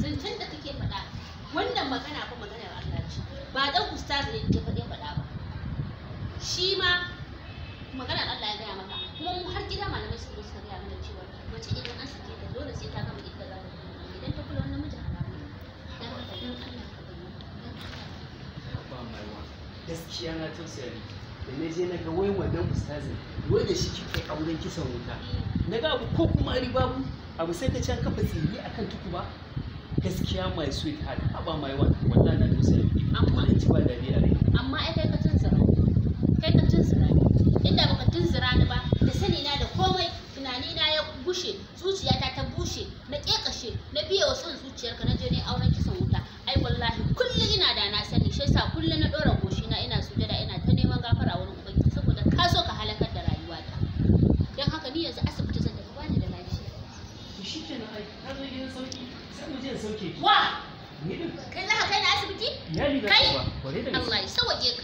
zancen da kake faɗa wannan magana ba maganar Allah ce ba dan ustaz ne ke faɗe faɗa ba shi ma maganar Allah ya gaya maka kuma mu har gida malamai su suka gaya mana cewa mace idan an sake ta dole sai ta gama idda za ta idan ta kula wannan mijin haramu dan Allah dan Allah ka bayyana gaskiya na tausayi da na je na ga wai wannan ustazin wai da shi kike auren kisan wuta eh. na ga abu ko kuma riba abu sai ka can kafa tsiri akan tukuba gaskiya my sweet heart haba mai one na tausaya miki an in ci ba dadi a amma ai kai ka zira kai ka tunzura inda baka zira ni ba da sani na da komai tunani na ya bushe zuciyata ta bushe na kekashe na biya wa son zuciyarka na je ne auren kisan wuta ai wallahi kullum ina da na sani shi yasa kullum shi kai na asibiti kai